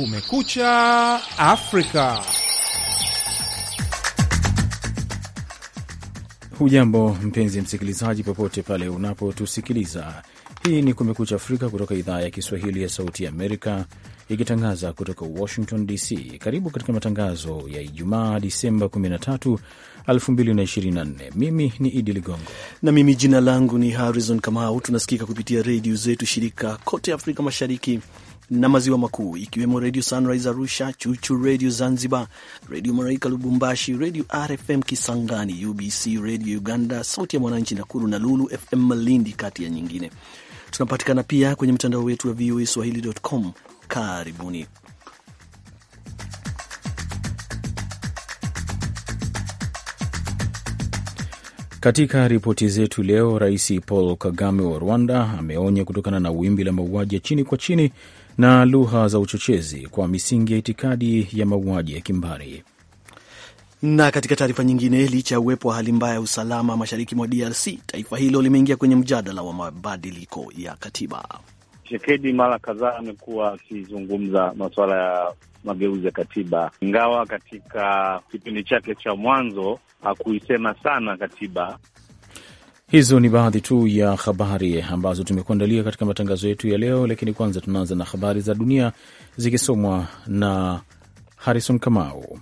Kumekucha Afrika. Hujambo mpenzi msikilizaji, popote pale unapotusikiliza. Hii ni Kumekucha Afrika kutoka idhaa ya Kiswahili ya Sauti ya Amerika, ikitangaza kutoka Washington DC. Karibu katika matangazo ya Ijumaa, Disemba 13, 2024. Mimi ni Idi Ligongo na mimi jina langu ni Harrison Kamau. Tunasikika kupitia redio zetu shirika kote Afrika Mashariki na maziwa makuu ikiwemo Radio Sunrise Arusha, Chuchu Radio Zanzibar, Radio Maraika Lubumbashi, Radio RFM Kisangani, UBC Radio Uganda, Sauti ya Mwananchi Nakuru na Lulu FM Malindi, kati ya nyingine. Tunapatikana pia kwenye mtandao wetu wa VOA Swahili.com. Karibuni. Katika ripoti zetu leo, Rais Paul Kagame wa Rwanda ameonya kutokana na wimbi la mauaji ya chini kwa chini na lugha za uchochezi kwa misingi ya itikadi ya mauaji ya kimbari. Na katika taarifa nyingine, licha ya uwepo wa hali mbaya ya usalama mashariki mwa DRC, taifa hilo limeingia kwenye mjadala wa mabadiliko ya katiba. shekedi mara kadhaa amekuwa akizungumza masuala ya mageuzi ya katiba, ingawa katika kipindi chake cha mwanzo hakuisema sana katiba Hizo ni baadhi tu ya habari ambazo tumekuandalia katika matangazo yetu ya leo, lakini kwanza tunaanza na habari za dunia zikisomwa na Harrison Kamau.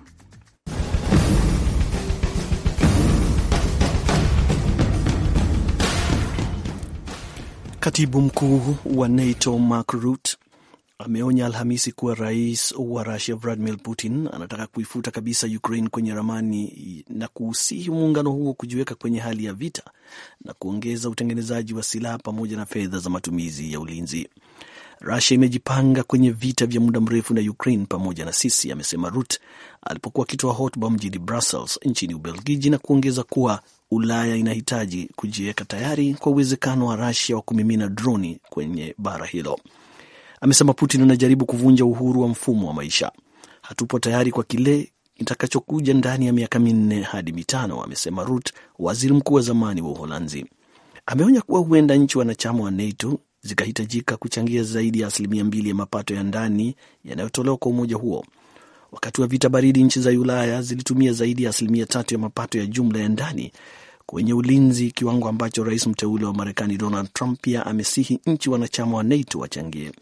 Katibu mkuu wa NATO Mark Rutte ameonya Alhamisi kuwa rais wa Rusia Vladimir Putin anataka kuifuta kabisa Ukraine kwenye ramani na kuusihi muungano huo kujiweka kwenye hali ya vita na kuongeza utengenezaji wa silaha pamoja na fedha za matumizi ya ulinzi. Rusia imejipanga kwenye vita vya muda mrefu na Ukraine pamoja na sisi, amesema rut alipokuwa akitoa hotuba mjini Brussels nchini Ubelgiji, na kuongeza kuwa Ulaya inahitaji kujiweka tayari kwa uwezekano wa Rusia wa kumimina droni kwenye bara hilo. Amesema Putin anajaribu kuvunja uhuru wa mfumo wa maisha. Hatupo tayari kwa kile itakachokuja ndani ya miaka minne hadi mitano, amesema Rut, waziri mkuu wa zamani wa Uholanzi. Ameonya kuwa huenda nchi wanachama wa NATO zikahitajika kuchangia zaidi ya asilimia mbili ya mapato ya ndani yanayotolewa kwa umoja huo. Wakati wa vita baridi, nchi za Ulaya zilitumia zaidi ya asilimia tatu ya mapato ya jumla ya ndani kwenye ulinzi, kiwango ambacho rais mteule wa Marekani Donald Trump pia amesihi nchi wanachama wa NATO wachangie.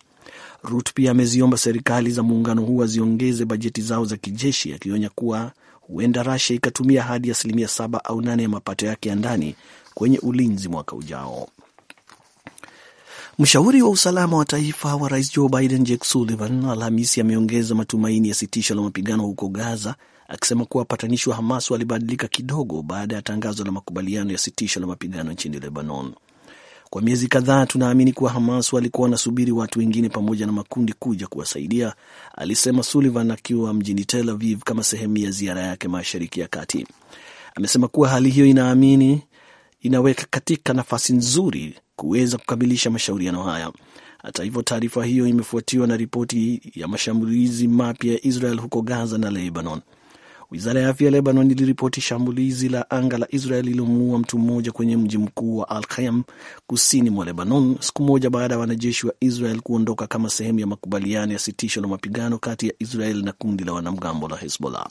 Rut pia ameziomba serikali za muungano huo ziongeze bajeti zao za kijeshi, akionya kuwa huenda rasia ikatumia hadi asilimia saba au nane ya mapato yake ya ndani kwenye ulinzi mwaka ujao. Mshauri wa usalama wa taifa wa rais Joe Biden, Jake Sullivan, Alhamisi ameongeza matumaini ya sitisho la mapigano huko Gaza, akisema kuwa wapatanishi wa Hamas walibadilika kidogo baada ya tangazo la makubaliano ya sitisho la mapigano nchini Lebanon. Kwa miezi kadhaa tunaamini kuwa Hamas walikuwa wanasubiri watu wengine pamoja na makundi kuja kuwasaidia, alisema Sullivan akiwa mjini Tel Aviv kama sehemu ya ziara yake Mashariki ya Kati. Amesema kuwa hali hiyo inaamini inaweka katika nafasi nzuri kuweza kukamilisha mashauriano haya. Hata hivyo, taarifa hiyo imefuatiwa na ripoti ya mashambulizi mapya ya Israel huko Gaza na Lebanon. Wizara ya afya ya Lebanon iliripoti shambulizi la anga la Israel lililomuua mtu mmoja kwenye mji mkuu wa Al kayam kusini mwa Lebanon, siku moja baada ya wanajeshi wa Israel kuondoka kama sehemu ya makubaliano ya sitisho la mapigano kati ya Israel na kundi la wanamgambo la Hezbollah.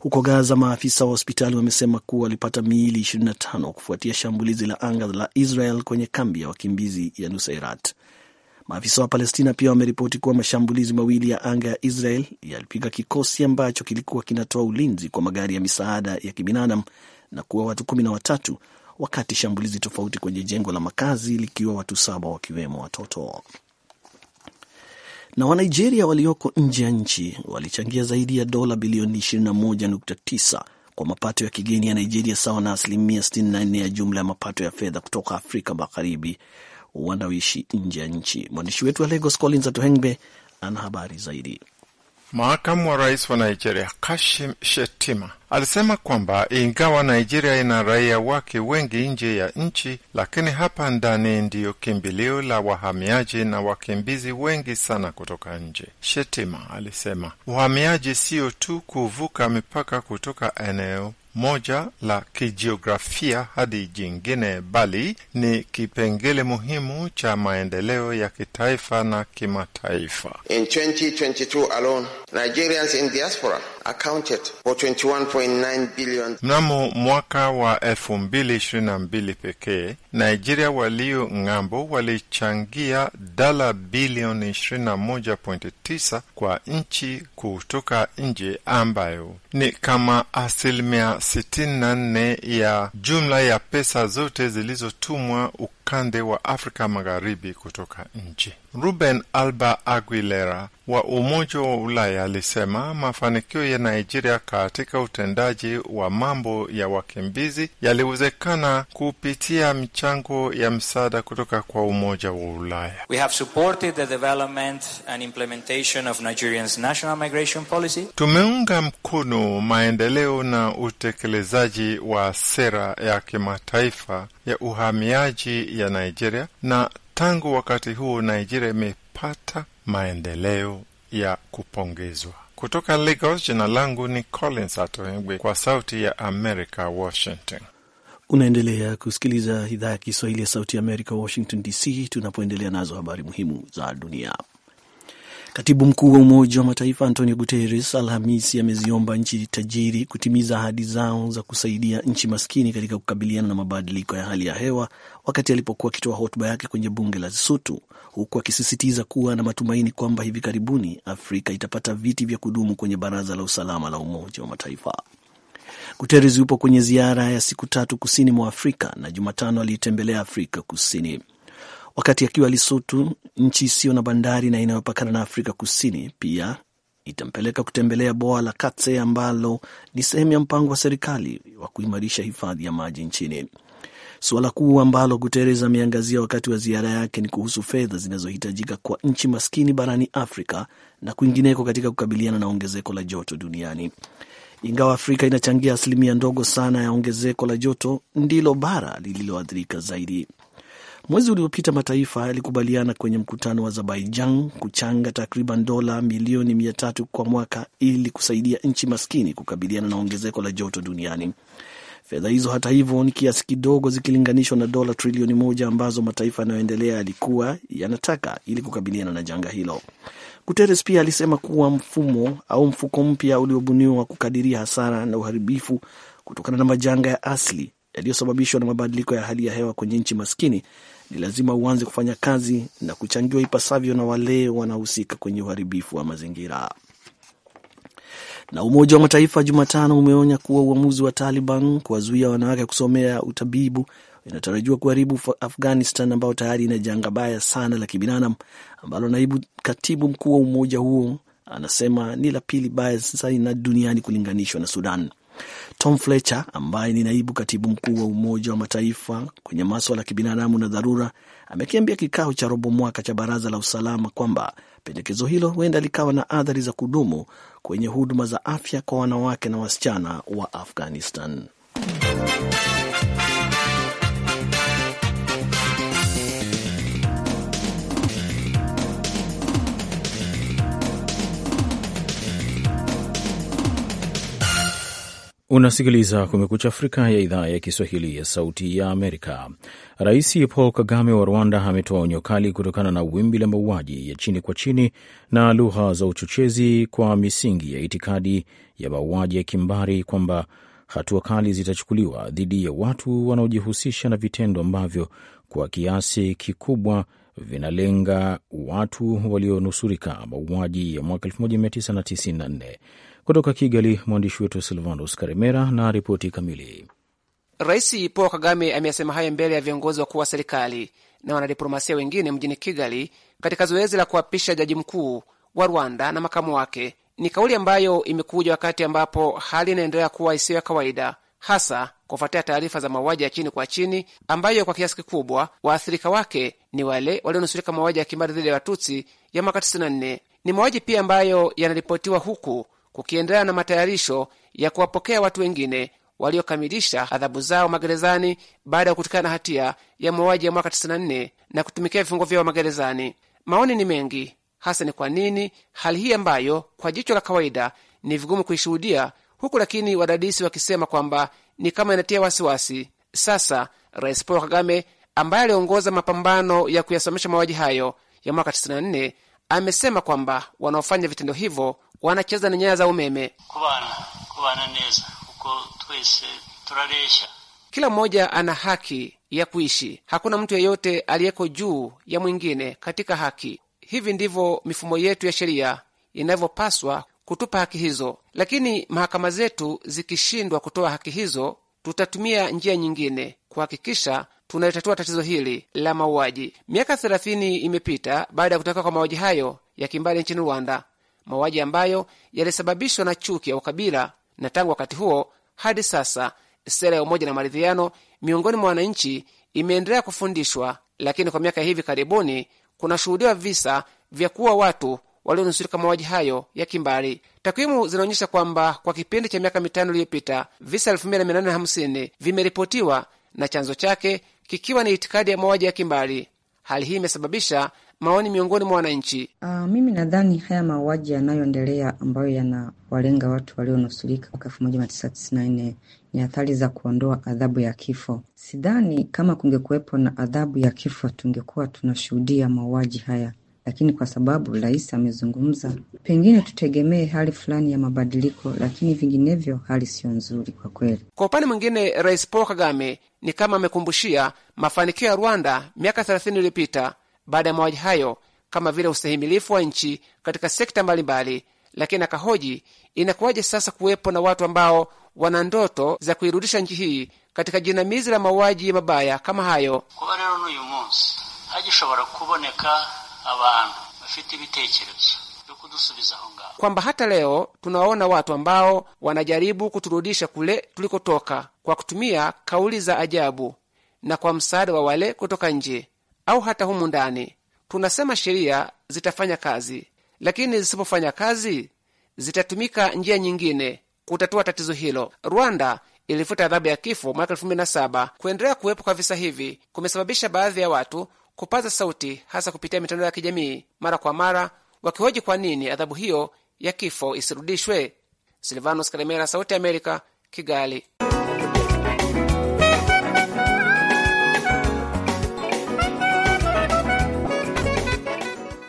Huko Gaza, maafisa wa hospitali wamesema kuwa walipata miili 25 kufuatia shambulizi la anga la Israel kwenye kambi ya wakimbizi ya Nuseirat. Maafisa wa Palestina pia wameripoti kuwa mashambulizi mawili ya anga ya Israel yalipiga kikosi ambacho kilikuwa kinatoa ulinzi kwa magari ya misaada ya kibinadamu na kuwa watu kumi na watatu, wakati shambulizi tofauti kwenye jengo la makazi likiwa watu saba wakiwemo watoto. Na Wanigeria walioko nje ya nchi walichangia zaidi ya dola bilioni 21.9 kwa mapato ya kigeni ya Nigeria, sawa na asilimia 64 ya jumla ya mapato ya fedha kutoka Afrika Magharibi wanaoishi nje ya nchi. Mwandishi wetu wa Lagos, Collins Atohengbe, ana habari zaidi. Makamu wa rais wa Nigeria Kashim Shettima alisema kwamba ingawa Nigeria ina raia wake wengi nje ya nchi, lakini hapa ndani ndiyo kimbilio la wahamiaji na wakimbizi wengi sana kutoka nje. shetima alisema uhamiaji sio tu kuvuka mipaka kutoka eneo moja la kijiografia hadi jingine, bali ni kipengele muhimu cha maendeleo ya kitaifa na kimataifa. In 2022 alone Nigerians in diaspora accounted for 21.9 billion. Mnamo mwaka wa 2022 pekee, Nigeria walio ng'ambo walichangia dola bilioni 21.9 kwa nchi kutoka nje, ambayo ni kama asilimia 64 ya jumla ya pesa zote zilizotumwa kande wa Afrika Magharibi kutoka nje. Ruben Alba Aguilera wa Umoja wa Ulaya alisema mafanikio ya Nigeria katika utendaji wa mambo ya wakimbizi yaliwezekana kupitia michango ya msaada kutoka kwa Umoja wa Ulaya. We have supported the development and implementation of national migration policy. Tumeunga mkono maendeleo na utekelezaji wa sera ya kimataifa ya uhamiaji ya Nigeria, na tangu wakati huo Nigeria imepata maendeleo ya kupongezwa. Kutoka Lagos, jina langu ni Collins Atoengwe kwa Sauti ya America, Washington. Unaendelea kusikiliza idhaa ya Kiswahili ya Sauti ya Amerika, Washington DC, tunapoendelea nazo habari muhimu za dunia. Katibu mkuu wa Umoja wa Mataifa Antonio Guterres Alhamisi ameziomba nchi tajiri kutimiza ahadi zao za kusaidia nchi maskini katika kukabiliana na mabadiliko ya hali ya hewa, wakati alipokuwa akitoa hotuba yake kwenye bunge la Lesotho, huku akisisitiza kuwa na matumaini kwamba hivi karibuni Afrika itapata viti vya kudumu kwenye Baraza la Usalama la Umoja wa Mataifa. Guterres yupo kwenye ziara ya siku tatu kusini mwa Afrika na Jumatano aliitembelea Afrika Kusini wakati akiwa lisutu nchi isiyo na bandari na inayopakana na Afrika Kusini. Pia itampeleka kutembelea boa la Katse ambalo ni sehemu ya mpango wa serikali wa kuimarisha hifadhi ya maji nchini. Suala kuu ambalo Guterres ameangazia wakati wa ziara yake ni kuhusu fedha zinazohitajika kwa nchi maskini barani Afrika na kwingineko katika kukabiliana na ongezeko la joto duniani. Ingawa Afrika inachangia asilimia ndogo sana ya ongezeko la joto, ndilo bara lililoathirika zaidi. Mwezi uliopita mataifa yalikubaliana kwenye mkutano wa Azerbaijan kuchanga takriban dola milioni mia tatu kwa mwaka ili kusaidia nchi maskini kukabiliana na ongezeko la joto duniani. Fedha hizo hata hivyo ni kiasi kidogo zikilinganishwa na dola trilioni moja ambazo mataifa yanayoendelea yalikuwa yanataka ili kukabiliana na janga hilo. Guterres pia alisema kuwa mfumo au mfuko mpya uliobuniwa wa kukadiria hasara na uharibifu kutokana na majanga ya asili yaliyosababishwa na mabadiliko ya hali ya hewa kwenye nchi maskini ni lazima uanze kufanya kazi na kuchangiwa ipasavyo na wale wanaohusika kwenye uharibifu wa mazingira. Na Umoja wa Mataifa Jumatano umeonya kuwa uamuzi wa Taliban kuwazuia wanawake kusomea utabibu inatarajiwa kuharibu Afghanistan ambayo tayari ina janga baya sana la kibinadamu ambalo naibu katibu mkuu wa umoja huo anasema ni la pili baya sana duniani kulinganishwa na Sudan. Tom Fletcher ambaye ni naibu katibu mkuu wa Umoja wa Mataifa kwenye maswala ya kibinadamu na dharura amekiambia kikao cha robo mwaka cha Baraza la Usalama kwamba pendekezo hilo huenda likawa na athari za kudumu kwenye huduma za afya kwa wanawake na wasichana wa Afghanistan. Unasikiliza Kumekucha Afrika ya idhaa ya Kiswahili ya Sauti ya Amerika. Rais Paul Kagame wa Rwanda ametoa onyo kali kutokana na wimbi la mauaji ya chini kwa chini na lugha za uchochezi kwa misingi ya itikadi ya mauaji ya kimbari, kwamba hatua kali zitachukuliwa dhidi ya watu wanaojihusisha na vitendo ambavyo kwa kiasi kikubwa vinalenga watu walionusurika mauaji ya mwaka 1994. Kutoka Kigali, mwandishi wetu Silvanus Karimera na ripoti kamili. Rais Paul Kagame ameyasema hayo mbele ya viongozi wakuu wa serikali na wanadiplomasia wengine mjini Kigali, katika zoezi la kuapisha jaji mkuu wa Rwanda na makamu wake. Ni kauli ambayo imekuja wakati ambapo hali inaendelea kuwa isiyo ya kawaida, hasa kufuatia taarifa za mauaji ya chini kwa chini ambayo kwa kiasi kikubwa waathirika wake ni wale walionusurika mauaji ya kimbari dhidi ya Watutsi ya mwaka 94. Ni mauaji pia ambayo yanaripotiwa huku kukiendelea na matayarisho ya kuwapokea watu wengine waliokamilisha adhabu zao magerezani baada ya kutokana na hatia ya mauaji ya mwaka 94 na kutumikia vifungo vyao magerezani. Maoni ni mengi, hasa ni kwa nini hali hii ambayo kwa jicho la kawaida ni vigumu kuishuhudia, huku lakini wadadisi wakisema kwamba ni kama inatia wasiwasi Sasa Rais Paul Kagame ambaye aliongoza mapambano ya kuyasomesha mauaji hayo ya mwaka 94 amesema kwamba wanaofanya vitendo hivyo wanacheza na nyaya za umeme. Kubana, kubana neza uko twese turaresha. Kila mmoja ana haki ya kuishi, hakuna mtu yeyote aliyeko juu ya mwingine katika haki. Hivi ndivyo mifumo yetu ya sheria inavyopaswa kutupa haki hizo, lakini mahakama zetu zikishindwa kutoa haki hizo, tutatumia njia nyingine kuhakikisha tunalitatua tatizo hili la mauaji. Miaka thelathini imepita baada ya kutokea kwa mauaji hayo ya kimbali nchini Rwanda mauaji ambayo yalisababishwa na chuki ya ukabila, na tangu wakati huo hadi sasa sera ya umoja na maridhiano miongoni mwa wananchi imeendelea kufundishwa, lakini kwa miaka hivi karibuni kunashuhudiwa visa vya kuwa watu walionusurika mauaji hayo ya kimbari. Takwimu zinaonyesha kwamba kwa kipindi cha miaka mitano iliyopita visa 2850 vimeripotiwa na chanzo chake kikiwa ni itikadi ya mauaji ya kimbari. Hali hii imesababisha maoni miongoni mwa wananchi. Uh, mimi nadhani haya mauaji yanayoendelea ambayo yanawalenga watu walionusurika mwaka elfu moja mia tisa tisini na nne ni athari za kuondoa adhabu ya kifo. Sidhani kama kungekuwepo na adhabu ya kifo tungekuwa tunashuhudia mauaji haya, lakini kwa sababu rais amezungumza, pengine tutegemee hali fulani ya mabadiliko, lakini vinginevyo hali siyo nzuri kwa kweli. Kwa upande mwingine, Rais Paul Kagame ni kama amekumbushia mafanikio ya Rwanda miaka thelathini iliyopita baada ya mauaji hayo kama vile ustahimilifu wa nchi katika sekta mbalimbali, lakini akahoji inakuwaje sasa kuwepo na watu ambao wana ndoto za kuirudisha nchi hii katika jinamizi la mauaji mabaya kama hayo. kuba rero n'uyu munsi hagishobora kuboneka abantu bafite ibitekerezo byo kudusubiza aho ngaho, kwamba hata leo tunawaona watu ambao wanajaribu kuturudisha kule tulikotoka kwa kutumia kauli za ajabu na kwa msaada wa wale kutoka nje au hata humu ndani. Tunasema sheria zitafanya kazi, lakini zisipofanya kazi, zitatumika njia nyingine kutatua tatizo hilo. Rwanda ilifuta adhabu ya kifo mwaka elfu mbili na saba. Kuendelea kuwepo kwa visa hivi kumesababisha baadhi ya watu kupaza sauti, hasa kupitia mitandao ya kijamii, mara kwa mara wakihoji kwa nini adhabu hiyo ya kifo isirudishwe. Silvanos Kalemera, Sauti ya Amerika, Kigali.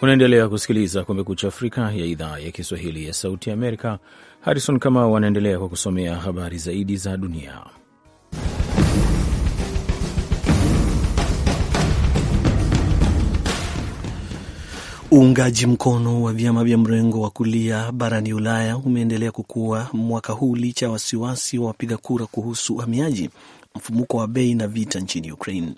Unaendelea kusikiliza Kumekucha Afrika ya idhaa ya Kiswahili ya Sauti Amerika. Harrison Kamau anaendelea kwa kusomea habari zaidi za dunia. Uungaji mkono wa vyama vya mrengo wa kulia barani Ulaya umeendelea kukua mwaka huu licha ya wasiwasi wa wapiga kura kuhusu uhamiaji, mfumuko wa bei na vita nchini Ukraine.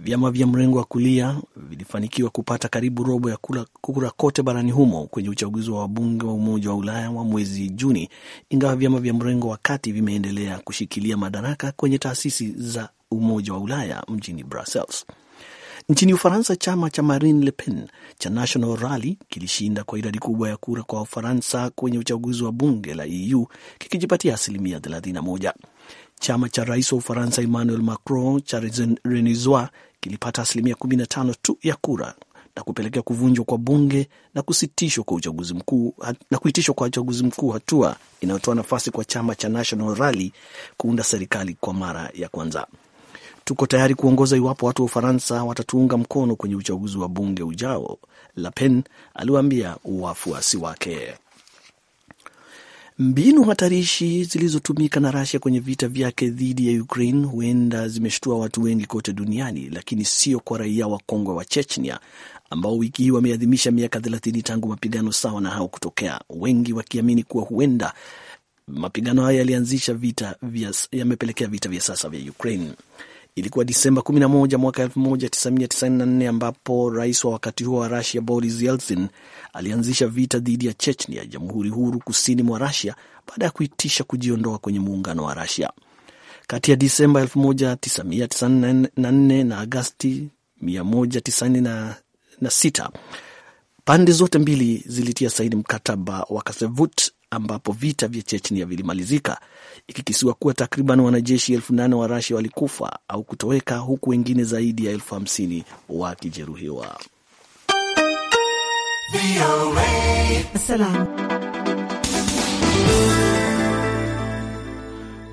Vyama vya mrengo wa kulia vilifanikiwa kupata karibu robo ya kura kote barani humo kwenye uchaguzi wa wabunge wa Umoja wa Ulaya wa mwezi Juni, ingawa vyama vya mrengo wa kati vimeendelea kushikilia madaraka kwenye taasisi za Umoja wa Ulaya mjini Brussels. Nchini Ufaransa, chama cha Marine Le Pen cha National Rally kilishinda kwa idadi kubwa ya kura kwa Ufaransa kwenye uchaguzi wa bunge la EU kikijipatia asilimia 31. Chama cha rais wa Ufaransa Emmanuel Macron cha Renizwa kilipata asilimia 15 tu ya kura na kupelekea kuvunjwa kwa bunge na kusitishwa kwa uchaguzi mkuu na kuitishwa kwa uchaguzi mkuu, hatua inayotoa nafasi kwa chama cha National Rally kuunda serikali kwa mara ya kwanza. Tuko tayari kuongoza iwapo watu wa Ufaransa watatuunga mkono kwenye uchaguzi wa bunge ujao, lapen aliwaambia wafuasi wake. Mbinu hatarishi zilizotumika na rasia kwenye vita vyake dhidi ya Ukraine huenda zimeshtua watu wengi kote duniani, lakini sio kwa raia wakongwe wa Chechnia ambao wiki hii wameadhimisha miaka thelathini tangu mapigano sawa na hao kutokea, wengi wakiamini kuwa huenda mapigano haya yalianzisha vita yamepelekea vita vya sasa vya Ukraine. Ilikuwa Disemba 11 mwaka 1994 ambapo rais wa wakati huo wa Rusia Boris Yeltsin alianzisha vita dhidi ya Chechnia, jamhuri huru kusini mwa Rusia, baada ya kuitisha kujiondoa kwenye muungano wa Rusia. Kati ya Disemba 1994 na Agasti 1996 pande zote mbili zilitia saini mkataba wa Kasevut ambapo vita vya Chechnia vilimalizika, ikikisiwa kuwa takriban wanajeshi elfu nane wa Rasia walikufa au kutoweka huku wengine zaidi ya elfu hamsini wakijeruhiwa.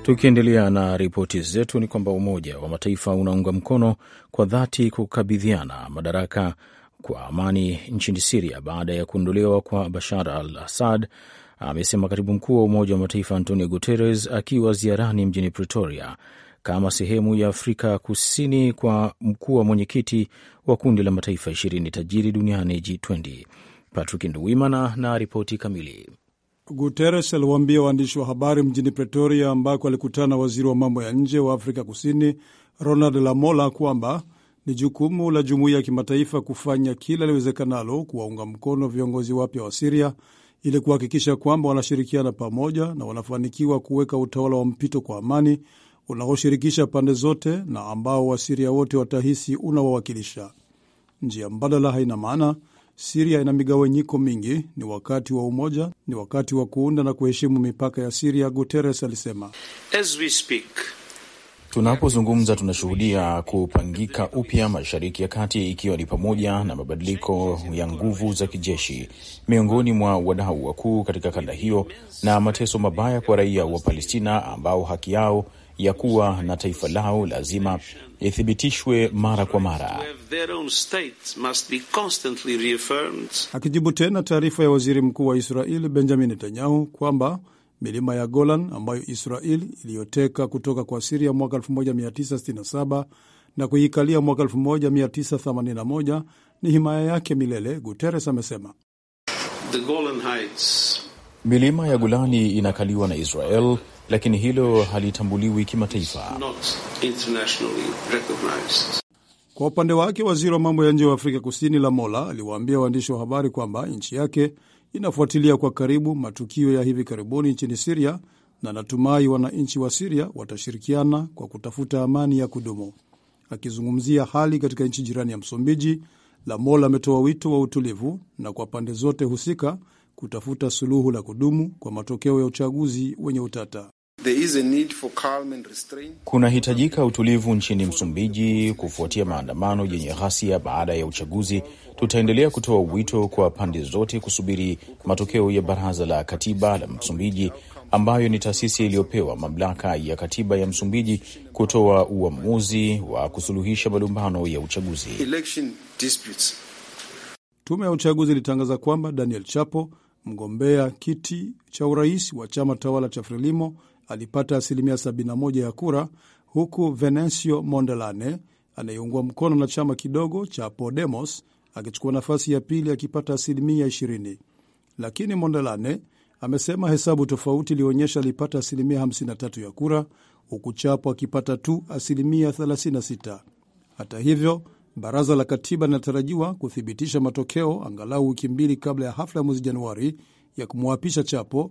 Tukiendelea na ripoti zetu ni kwamba Umoja wa Mataifa unaunga mkono kwa dhati kukabidhiana madaraka kwa amani nchini Siria baada ya kuondolewa kwa Bashar al Assad amesema katibu mkuu wa Umoja wa Mataifa Antonio Guterres akiwa ziarani mjini Pretoria kama sehemu ya Afrika Kusini kwa mkuu wa mwenyekiti wa kundi la mataifa ishirini tajiri duniani G20. Patrick Nduwimana na ripoti kamili. Guterres aliwaambia waandishi wa habari mjini Pretoria, ambako alikutana na waziri wa mambo ya nje wa Afrika Kusini Ronald Lamola kwamba ni jukumu la jumuiya ya kimataifa kufanya kila liwezekanalo kuwaunga mkono viongozi wapya wa Siria ili kuhakikisha kwamba wanashirikiana pamoja na wanafanikiwa kuweka utawala wa mpito kwa amani unaoshirikisha pande zote na ambao Wasiria wote watahisi unawawakilisha. Njia mbadala haina maana. Siria ina migawanyiko mingi, ni wakati wa umoja, ni wakati wa kuunda na kuheshimu mipaka ya Siria, Guterres alisema As we speak. Tunapozungumza tunashuhudia kupangika upya Mashariki ya Kati, ikiwa ni pamoja na mabadiliko ya nguvu za kijeshi miongoni mwa wadau wakuu katika kanda hiyo na mateso mabaya kwa raia wa Palestina ambao haki yao ya kuwa na taifa lao lazima ithibitishwe mara kwa mara. Akijibu tena taarifa ya waziri mkuu wa Israeli Benjamin Netanyahu kwamba milima ya Golan ambayo Israel iliyoteka kutoka kwa Siria mwaka 1967 na kuikalia mwaka 1981 ni himaya yake milele, Guterres amesema. The Golan Heights. Milima ya gulani inakaliwa na Israel lakini hilo halitambuliwi kimataifa. Kwa upande wake, waziri wa mambo ya nje wa Afrika Kusini Lamola aliwaambia waandishi wa habari kwamba nchi yake inafuatilia kwa karibu matukio ya hivi karibuni nchini Siria na natumai wananchi wa Siria watashirikiana kwa kutafuta amani ya kudumu. Akizungumzia hali katika nchi jirani ya Msumbiji, Lamola ametoa wito wa utulivu na kwa pande zote husika kutafuta suluhu la kudumu kwa matokeo ya uchaguzi wenye utata. Kunahitajika utulivu nchini Msumbiji kufuatia maandamano yenye ghasia baada ya uchaguzi. Tutaendelea kutoa wito kwa pande zote kusubiri matokeo ya Baraza la Katiba la Msumbiji, ambayo ni taasisi iliyopewa mamlaka ya katiba ya Msumbiji kutoa uamuzi wa kusuluhisha malumbano ya uchaguzi. Tume ya uchaguzi ilitangaza kwamba Daniel Chapo, mgombea kiti cha urais wa chama tawala cha Frelimo alipata asilimia 71 ya kura, huku Venancio Mondelane anayeungwa mkono na chama kidogo cha Podemos akichukua nafasi ya pili akipata asilimia 20, lakini Mondelane amesema hesabu tofauti iliyoonyesha alipata asilimia 53 ya kura huku Chapo akipata tu asilimia 36. Hata hivyo, baraza la katiba linatarajiwa kuthibitisha matokeo angalau wiki mbili kabla ya hafla ya mwezi Januari ya kumwapisha Chapo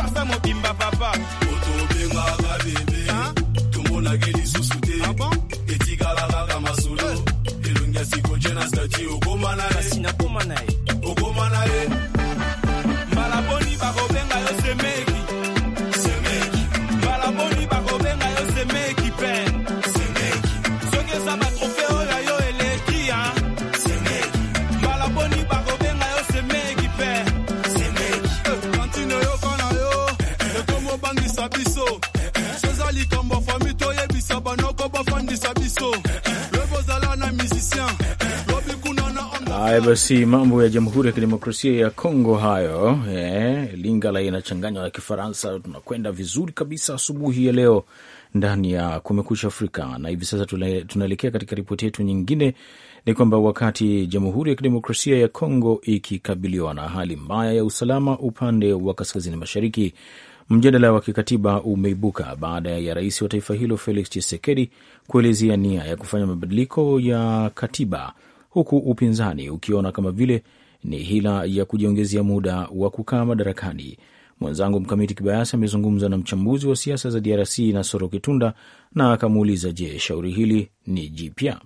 ata mobimba papa otobengaka bebe tomonaki lisusu te ah etikala kaka masolo eh. elongi ya sikoje na stati okoma na ye okoma na ye Haya basi, mambo ya Jamhuri ya Kidemokrasia ya Kongo hayo. Eh, Lingala inachanganywa na Kifaransa. Tunakwenda vizuri kabisa asubuhi ya leo ndani ya Kumekucha Afrika, na hivi sasa tunaelekea katika ripoti yetu nyingine. Ni kwamba wakati Jamhuri ya Kidemokrasia ya Kongo ikikabiliwa na hali mbaya ya usalama upande wa kaskazini mashariki, mjadala wa kikatiba umeibuka baada ya rais wa taifa hilo Felix Tshisekedi kuelezea nia ya kufanya mabadiliko ya katiba huku upinzani ukiona kama vile ni hila ya kujiongezea muda wa kukaa madarakani. Mwenzangu Mkamiti Kibayasi amezungumza na mchambuzi wa siasa za DRC na Soro Kitunda na akamuuliza, je, shauri hili ni jipya?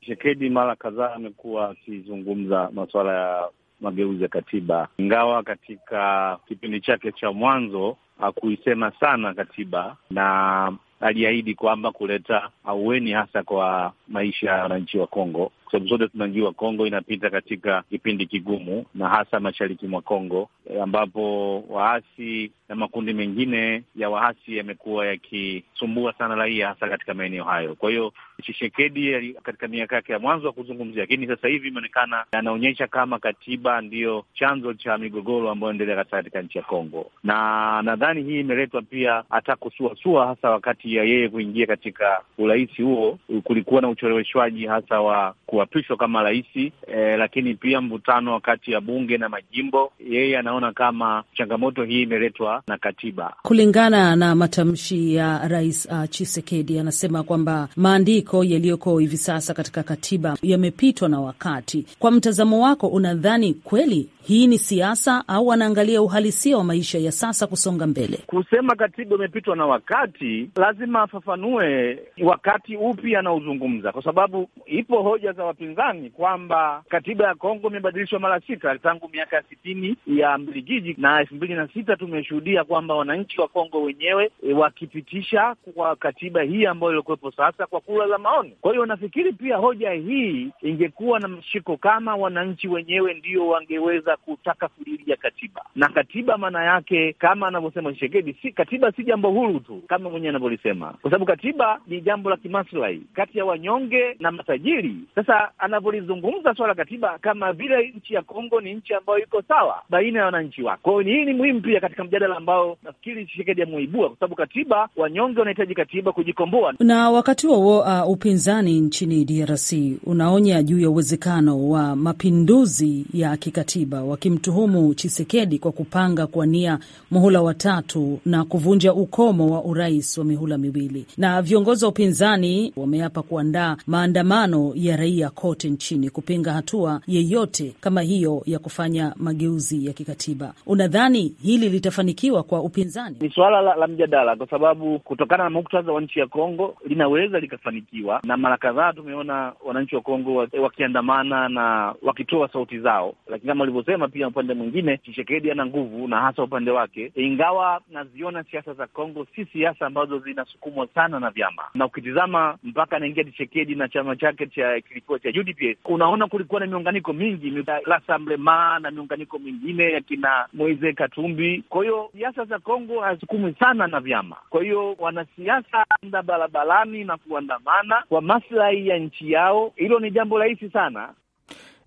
Shekedi mara kadhaa amekuwa akizungumza masuala ya mageuzi ya katiba, ingawa katika kipindi chake cha mwanzo hakuisema sana katiba na aliahidi kwamba kuleta aueni hasa kwa maisha ya wananchi wa Kongo, kwa sababu zote tunajua Kongo inapita katika kipindi kigumu, na hasa mashariki mwa Kongo e, ambapo waasi na makundi mengine ya waasi yamekuwa yakisumbua sana raia, hasa katika maeneo hayo. Kwa hiyo Tshisekedi katika miaka yake ya mwanzo wa kuzungumzia, lakini sasa hivi imeonekana anaonyesha kama katiba ndiyo chanzo cha migogoro ambayo endelea katika nchi ya Kongo, na nadhani hii imeletwa pia hata kusuasua, hasa wakati ya yeye kuingia katika urais huo, kulikuwa na ucheleweshwaji hasa wa ku kuapishwa kama rais e, eh, lakini pia mvutano kati ya bunge na majimbo. Yeye anaona kama changamoto hii imeletwa na katiba. Kulingana na matamshi ya Rais uh, Chisekedi, anasema kwamba maandiko yaliyoko hivi sasa katika katiba yamepitwa na wakati. Kwa mtazamo wako, unadhani kweli hii ni siasa au anaangalia uhalisia wa maisha ya sasa kusonga mbele? Kusema katiba imepitwa na wakati, lazima afafanue wakati upi anaozungumza, kwa sababu ipo hoja za wapinzani kwamba katiba ya Kongo imebadilishwa mara sita tangu miaka ya sitini ya Mbiligiji na elfu mbili na sita tumeshuhudia kwamba wananchi wa Kongo wenyewe e, wakipitisha kwa katiba hii ambayo ilikuwepo sasa kwa kura za maoni. Kwa hiyo nafikiri pia hoja hii ingekuwa na mshiko kama wananchi wenyewe ndio wangeweza kutaka kuilia katiba na katiba maana yake kama anavyosema Shekedi, si katiba si jambo huru tu kama mwenyewe anavyolisema, kwa sababu katiba ni jambo la kimaslahi kati ya wanyonge na matajiri. Sasa anavyolizungumza swala katiba kama vile nchi ya Kongo ni nchi ambayo iko sawa baina ya wananchi wake. Kwa hiyo hii ni muhimu pia katika mjadala ambao nafikiri Shekedi ameibua, kwa sababu katiba, wanyonge wanahitaji katiba kujikomboa. Na wakati huo uh, upinzani nchini DRC unaonya juu ya uwezekano wa mapinduzi ya kikatiba wakimtuhumu chisekedi kwa kupanga kuwania muhula watatu na kuvunja ukomo wa urais wa mihula miwili, na viongozi wa upinzani wameapa kuandaa maandamano ya raia kote nchini kupinga hatua yeyote kama hiyo ya kufanya mageuzi ya kikatiba. Unadhani hili litafanikiwa kwa upinzani? Ni suala la, la mjadala kwa sababu kutokana na muktadha wa nchi ya Kongo linaweza likafanikiwa, na mara kadhaa tumeona wananchi wa Kongo wakiandamana na wakitoa sauti zao, lakini kama ulivyosema, pia upande mwingine Chishekedi na nguvu na hasa upande wake, ingawa naziona siasa za Kongo si siasa ambazo zinasukumwa sana na vyama, na ukitizama mpaka naingia Tshisekedi na chama chake cha kilikuwa cha UDPS, unaona kulikuwa na miunganiko mingi Rassemblement na miunganiko mingine ya kina Moise Katumbi. Kwa hiyo siasa za Kongo hazisukumwi sana na vyama, kwa hiyo wanasiasa enda barabarani na kuandamana kwa maslahi ya nchi yao, hilo ni jambo rahisi sana.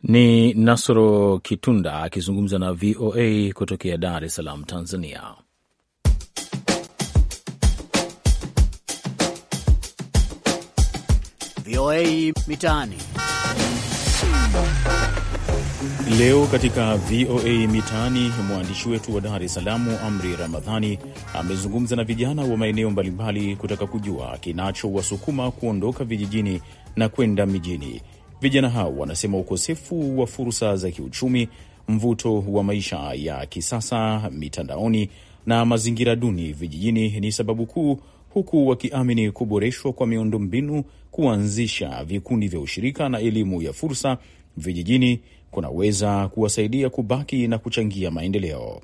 Ni Nasoro Kitunda akizungumza na VOA kutokea Dar es Salaam, Tanzania. VOA Mitaani. Leo katika VOA Mitaani, mwandishi wetu wa Dar es Salaam, Amri Ramadhani, amezungumza na vijana wa maeneo mbalimbali kutaka kujua kinachowasukuma kuondoka vijijini na kwenda mijini. Vijana hao wanasema ukosefu wa fursa za kiuchumi, mvuto wa maisha ya kisasa mitandaoni na mazingira duni vijijini ni sababu kuu, huku wakiamini kuboreshwa kwa miundombinu, kuanzisha vikundi vya ushirika na elimu ya fursa vijijini kunaweza kuwasaidia kubaki na kuchangia maendeleo.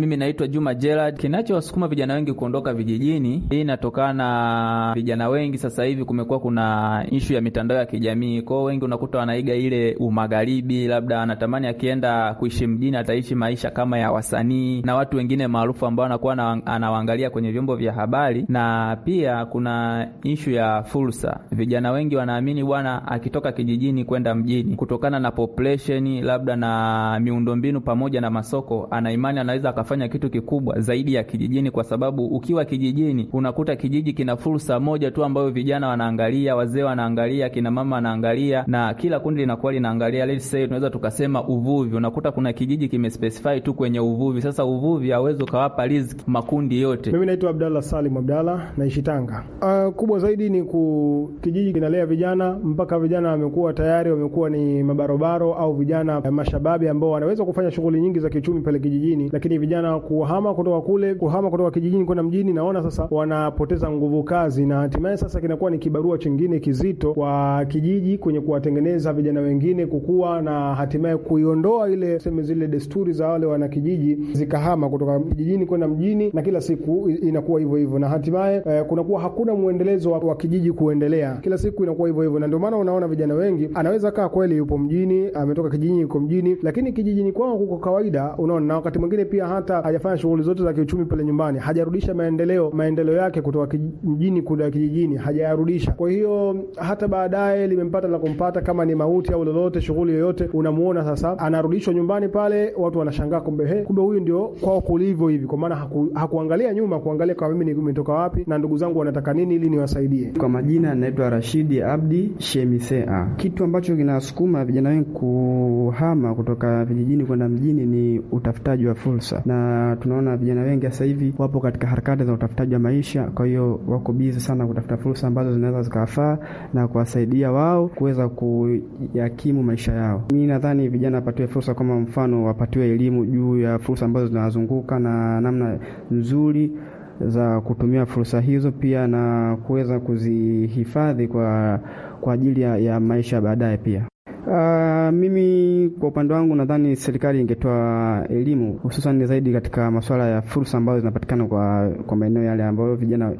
Mimi naitwa Juma Gerard. Kinachowasukuma vijana wengi kuondoka vijijini, hii inatokana na vijana wengi sasa hivi kumekuwa kuna ishu ya mitandao ya kijamii kwao, wengi unakuta wanaiga ile umagharibi, labda anatamani akienda kuishi mjini ataishi maisha kama ya wasanii na watu wengine maarufu ambao anakuwa anawaangalia kwenye vyombo vya habari. Na pia kuna ishu ya fursa, vijana wengi wanaamini bwana, akitoka kijijini kwenda mjini, kutokana na population labda na miundombinu pamoja na masoko, anaimani anaweza wanafanya kitu kikubwa zaidi ya kijijini, kwa sababu ukiwa kijijini unakuta kijiji kina fursa moja tu ambayo vijana wanaangalia, wazee wanaangalia, kina mama wanaangalia, na kila kundi linakuwa linaangalia. Let's say tunaweza tukasema uvuvi, unakuta kuna kijiji kimespecify tu kwenye uvuvi. Sasa uvuvi hawezi ukawapa riziki makundi yote. Mimi naitwa Abdallah Salim Abdallah, naishi Tanga. Uh, kubwa zaidi ni ku kijiji kinalea vijana mpaka vijana wamekuwa tayari wamekuwa ni mabarobaro au vijana eh, mashababi ambao wanaweza kufanya shughuli nyingi za kiuchumi pale kijijini, lakini vijana kuhama kutoka kule, kuhama kutoka kijijini kwenda mjini, naona sasa wanapoteza nguvu kazi, na hatimaye sasa kinakuwa ni kibarua chingine kizito kwa kijiji kwenye kuwatengeneza vijana wengine kukua na hatimaye kuiondoa ile seme zile desturi za wale wanakijiji zikahama kutoka kijijini kwenda mjini, na kila siku inakuwa hivyo hivyo, na hatimaye eh, kunakuwa hakuna mwendelezo wa, wa kijiji kuendelea. Kila siku inakuwa hivyo hivyo, na ndio maana unaona vijana wengi anaweza kaa kweli yupo mjini, ametoka kijijini yuko mjini, lakini kijijini kwao kuko kawaida, unaona, na wakati mwingine pia hata hajafanya shughuli zote za kiuchumi pale nyumbani, hajarudisha maendeleo maendeleo yake kutoka mjini kuda kijijini, hajayarudisha. Kwa hiyo hata baadaye limempata la kumpata, kama ni mauti au lolote, shughuli yoyote, unamuona sasa anarudishwa nyumbani pale, watu wanashangaa, kumbe he, kumbe huyu ndio kwao kulivyo hivi, kwa maana haku, hakuangalia nyuma, kuangalia kwa mimi nimetoka wapi na ndugu zangu wanataka nini ili niwasaidie. Kwa majina anaitwa Rashidi Abdi Shemisea. Kitu ambacho kinasukuma vijana wengi kuhama kutoka vijijini kwenda mjini ni utafutaji wa fursa na tunaona vijana wengi sasa hivi wapo katika harakati za utafutaji wa maisha. Kwa hiyo wako bizi sana kutafuta fursa ambazo zinaweza zikawafaa na kuwasaidia wao kuweza kuyakimu maisha yao. Mi nadhani vijana wapatiwe fursa, kama mfano wapatiwe elimu juu ya fursa ambazo zinawazunguka na namna nzuri za kutumia fursa hizo pia na kuweza kuzihifadhi kwa, kwa ajili ya, ya maisha baadaye pia. Uh, mimi kwa upande wangu nadhani serikali ingetoa elimu hususan zaidi katika masuala ya fursa ambazo zinapatikana kwa, kwa maeneo yale ambayo vijana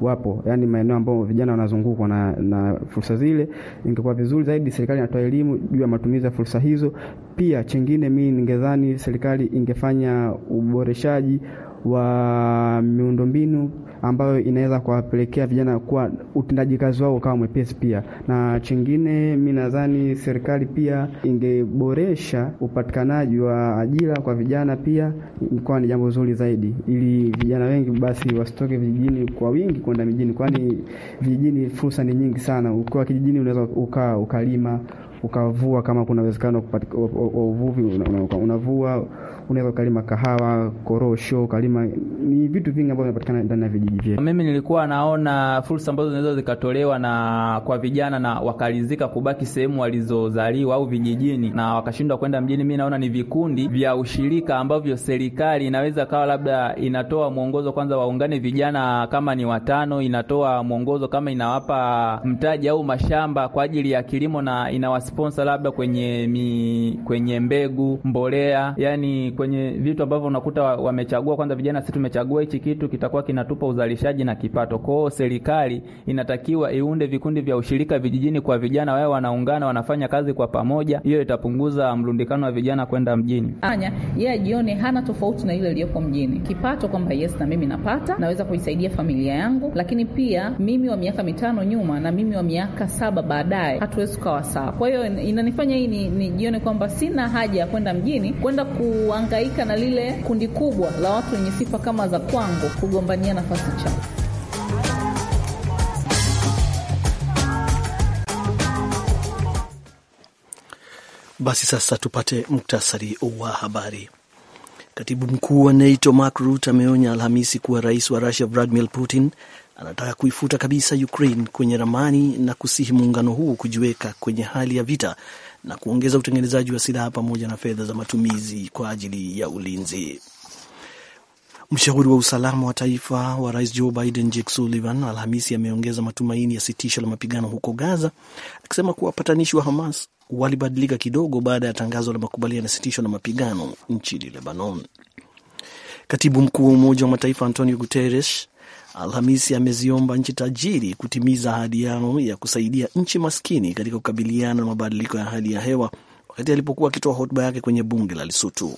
wapo, yaani maeneo ambayo vijana wanazungukwa na, na fursa zile. Ingekuwa vizuri zaidi serikali inatoa elimu juu ya matumizi ya fursa hizo. Pia chengine, mimi ningedhani serikali ingefanya uboreshaji wa miundombinu ambayo inaweza kuwapelekea vijana kuwa utendaji kazi wao ukawa mwepesi pia. Na chingine, mi nadhani serikali pia ingeboresha upatikanaji wa ajira kwa vijana, pia ikawa ni jambo zuri zaidi, ili vijana wengi basi wasitoke vijijini kwa wingi kwenda mijini, kwani vijijini fursa ni nyingi sana. Ukiwa kijijini unaweza uka ukalima ukavua kama kuna uwezekano wa uvuvi, unavua una, una unaweza ukalima kahawa, korosho, ukalima ni vitu vingi ambavyo vinapatikana ndani ya vijiji vyetu. Mimi nilikuwa naona fursa ambazo zinaweza zikatolewa na kwa vijana na wakalizika kubaki sehemu walizozaliwa au vijijini na wakashindwa kwenda mjini. Mimi naona ni vikundi vya ushirika ambavyo serikali inaweza kawa labda inatoa mwongozo kwanza, waungane vijana kama ni watano, inatoa mwongozo kama inawapa mtaji au mashamba kwa ajili ya kilimo na inawasponsa labda kwenye mi, kwenye mbegu, mbolea yani kwenye vitu ambavyo unakuta wamechagua kwanza, vijana sisi tumechagua hichi kitu kitakuwa kinatupa uzalishaji na kipato. Kwao serikali inatakiwa iunde vikundi vya ushirika vijijini kwa vijana, wao wanaungana, wanafanya kazi kwa pamoja. Hiyo itapunguza mlundikano wa vijana kwenda mjini. Anya yeye ajione hana tofauti na ile iliyoko mjini, kipato kwamba yes, na mimi napata, naweza kuisaidia familia yangu, lakini pia mimi wa miaka mitano nyuma na mimi wa miaka saba baadaye hatuwezi kukawa sawa. Kwa hiyo inanifanya hii ni, ni kwamba sina haja ya kwenda mjini kwenda kuwa kuhangaika na lile kundi kubwa la watu wenye sifa kama za kwangu kugombania nafasi chao. Basi sasa tupate muktasari wa habari. Katibu mkuu wa NATO Mark Rutte ameonya Alhamisi kuwa rais wa Russia Vladimir Putin anataka kuifuta kabisa Ukraine kwenye ramani na kusihi muungano huu kujiweka kwenye hali ya vita na kuongeza utengenezaji wa silaha pamoja na fedha za matumizi kwa ajili ya ulinzi. Mshauri wa usalama wa taifa wa rais Joe Biden, Jake Sullivan, Alhamisi ameongeza matumaini ya sitisho la mapigano huko Gaza, akisema kuwa wapatanishi wa Hamas walibadilika kidogo baada ya tangazo la makubaliano ya sitisho la mapigano nchini Lebanon. Katibu mkuu wa Umoja wa Mataifa Antonio Guterres Alhamisi ameziomba nchi tajiri kutimiza ahadi yao ya kusaidia nchi maskini katika kukabiliana na mabadiliko ya hali ya hewa wakati alipokuwa akitoa hotuba yake kwenye bunge la Lesotho.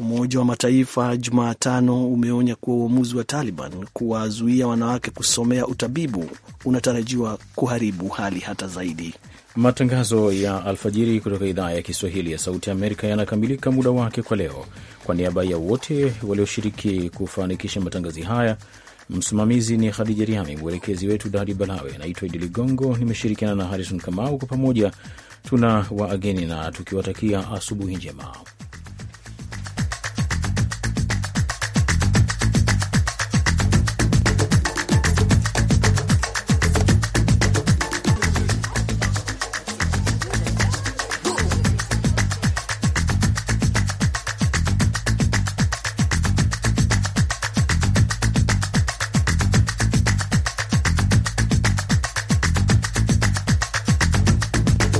Umoja wa Mataifa Jumatano umeonya kuwa uamuzi wa Taliban kuwazuia wanawake kusomea utabibu unatarajiwa kuharibu hali hata zaidi. Matangazo ya alfajiri kutoka idhaa ya Kiswahili ya Sauti Amerika yanakamilika muda wake kwa leo. Kwa niaba ya wote walioshiriki kufanikisha matangazo haya Msimamizi ni Khadija Riami, mwelekezi wetu Dadi Balawe. Naitwa Idi Ligongo, nimeshirikiana na Harison Kamau. Kwa pamoja tuna waageni na tukiwatakia asubuhi njema.